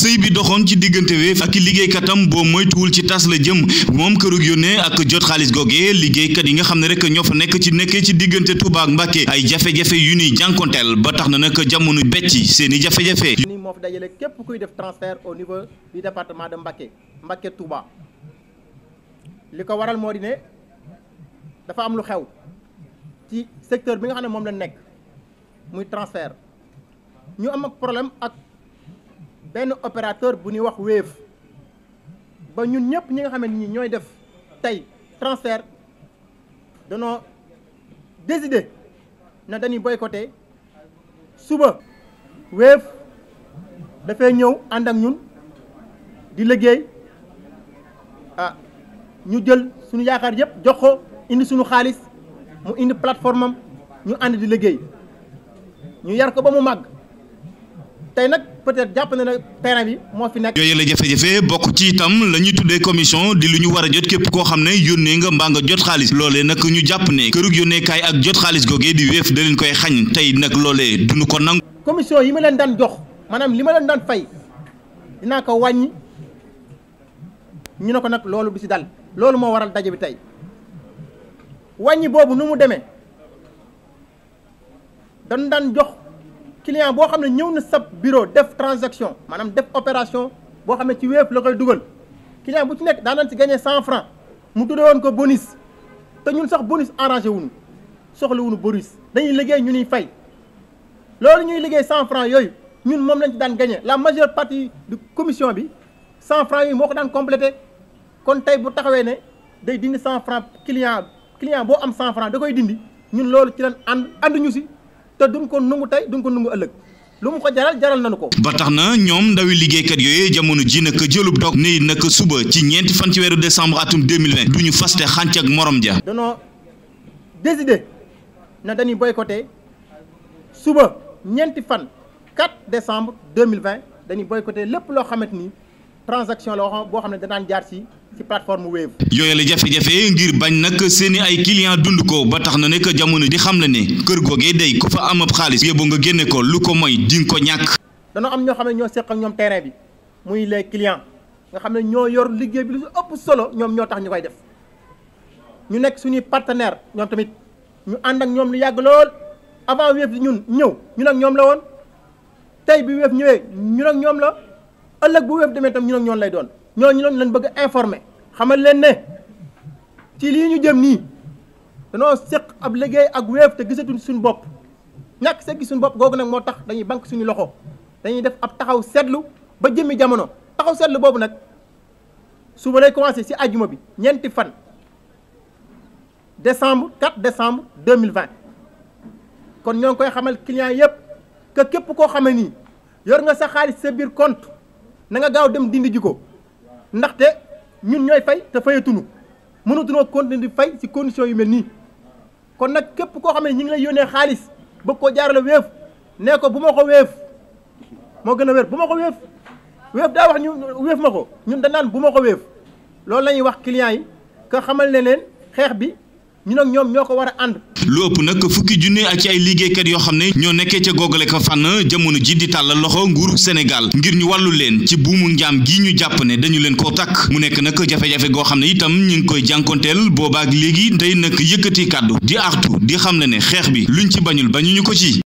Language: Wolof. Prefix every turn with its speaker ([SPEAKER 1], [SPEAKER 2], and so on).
[SPEAKER 1] sëy bi doxoon ci diggante wee ak liggéeykatam boo moytuwul ci tas la jëm moom kërug yónnee ak jot xaalis googe liggéeykat yi nga xam ne rek ñoo fa nekk ci nekkee ci diggante Touba ak Mbàkke ay jafe-jafe yu ni jànkonteel ba tax na nag jamono becci seen i jafe-jafe ni moo fi
[SPEAKER 2] dajale képp kuy def transfert au niveau du département de Mbàkke Mbàkke Touba li ko waral moo dafa am lu xew ci secteur bi xam ne moom la nekk muy transfert ñu am ak problème ak benn opérateur bu ñuy wax Wave ba ñun ñëpp ñi nga xamante ni ñooy def tey transfert danoo décider na dañuy boycotter suba Wave dafay ñëw ànd ak ñun di liggéey ah ñu jël suñu yaakaar yëpp jox ko indi suñu xaalis mu indi plateforme ñu ànd di liggéey ñu yar ko ba mu màgg. tey nag peut-être jàpp na ne terrain bi moo fi nekk. yooyu la jafe-jafe
[SPEAKER 1] bokk ci itam la ñuy tuddee commission di lu ñu war a jot képp ko xam ne yónnee nga mbaa nga jot xaalis loolee nag ñu jàpp ne kërug yónneekaay ak jot xaalis googee di weef da leen koy xañ tey nag loolee duñu ko nangu.
[SPEAKER 2] commission yi ma leen daan jox maanaam li ma leen daan fay dinaa ko wàññi ñu ne ko nag loolu du si dal loolu moo waral daje bi tey wàññi boobu nu mu demee dañu daan jox. client boo xam ne ñëw na sab bureau def transaction maanaam def opération boo xam ne ci Wave la koy dugal client bu ci nekk daan nañ si gagné cent franc mu tuddee woon ko bonus te ñun sax bonus arrangé wuñu soxla wuñu bonus dañuy liggéey ñu ñuy fay loolu ñuy liggéey cent franc yooyu ñun moom lañ ci daan gagné la majeure partie de commission bi cent franc yooyu moo ko daan complété kon tey bu taxawee ne day dindi cent franc client client boo am cent da koy dindi ñun loolu ci lañ ànd si. te duñ ko nungu tey duñ ko nungu ëllëg lu mu ko jaral jaral nañu ko. ba tax na ñoom
[SPEAKER 1] ndawi liggéeykat yooyu jamono ji nag jëlub dog ni nag suba ci ñeenti fan ci weeru décembre atum 2020 du ñu faste xànc ak morom ja.
[SPEAKER 2] danoo décidé na dañuy boycotté suba ñeenti fan deux mille 2020 dañuy boycotté lépp loo xamante ni transaction la boo xam ne danaan jaar ci. ci plateforme Wave.
[SPEAKER 1] yooyu la jafe-jafe ngir bañ nag seen ay client dund ko ba tax na ne que jamono di xam la ne kër googee day ko fa am ab xaalis yóbbu nga génne ko lu ko mooy di ko ñàkk.
[SPEAKER 2] danoo am ñoo xam ne ñoo seq ak ñoom terrain bi muy les clients nga xam ne ñoo yor liggéey bi lu ëpp solo ñoom ñoo tax ñu koy def ñu nekk suñuy partenaire ñoom tamit ñu ànd ak ñoom lu yàgg lool avant Wave di ñun ñëw ñun ak ñoom la woon tey bi Wave ñëwee ñu ak ñoom la ëllëg bu Wave demee tam ñu ak ñoom lay doon. ñooñu loolu leen bëgg a informer xamal leen ne ci lii ñu jëm nii danoo séq ab liggéey ak Wave te gisatuñ suñu bopp ñàkk sa gis suñ bopp googu nag moo tax dañuy bank suñu loxo dañuy def ab taxaw seetlu ba jëmmi jamono taxaw seetlu boobu nag suba lay commencé si ajuma bi ñeenti fan décembre 4 décembre 2020 kon ñoo koy xamal client yëpp que képp koo xamee nii yor nga sa xaalis sa biir compte na nga gaaw dem dindi ji ko ndaxte ñun ñooy fay te fayatunu mënatunoo continuer di fay ci condition yu mel nii kon nag képp koo xam ne ñi ngi lay yónnee xaalis bëgg koo jaarale Wave nee ko bu ma ko Wave moo gën a wér bu ma ko Wave Wave daa wax ñu Wave ma ko ñun danaan bu ma ko Wave loolu la ñuy wax clients yi que xamal ne leen xeex bi ñun nag ñoom ñoo ko war a ànd
[SPEAKER 1] lu ëpp nag fukki junne ak ci ay liggéeykat yoo xam ne ñoo nekkee ca googale ko fànn jamono ji di tàllal loxo nguuru Sénégal ngir ñu wàllu leen ci buumu njaam gi ñu jàpp ne dañu leen ko takk mu nekk nag jafe-jafe goo xam ne itam ñu ngi koy jànkonteel boobaak léegi tey nag yëkkati kàddu di artu di xam ne ne xeex bi luñ ci bañul ñu ko ci